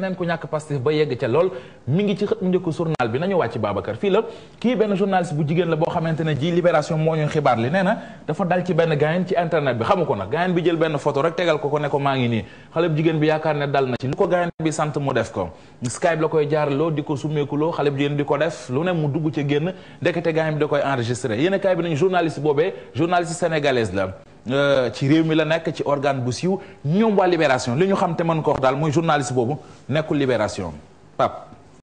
keneen ku ñàkk Pastef ba yegg ca lool mi ngi ci xët mu njëkk journal bi nañu wàcc Babacar fii la kii benn journaliste bu jigéen la boo xamante ne ji libération moo ñu xibaar li nee na dafa dal ci benn gaayen ci internet bi xamu ko nag gaayen bi jël benn photo rek tegal ko ko ne ko maa ngi nii xale bu jigéen bi yaakaar ne dal na ci lu ko gaayen bi sant mu def ko skype la koy jaarloo di ko summeekuloo xale bu jigéen di ko def lu ne mu dugg ca génn ndekete gaayen bi da koy enregistré yéen kaay bi nañu journaliste boobee journaliste Euh, ci réew mi la nekk ci organe bu siiw ñoom waa Libération li ñu xam te man ko daal mooy journaliste boobu nekkul Libération Pape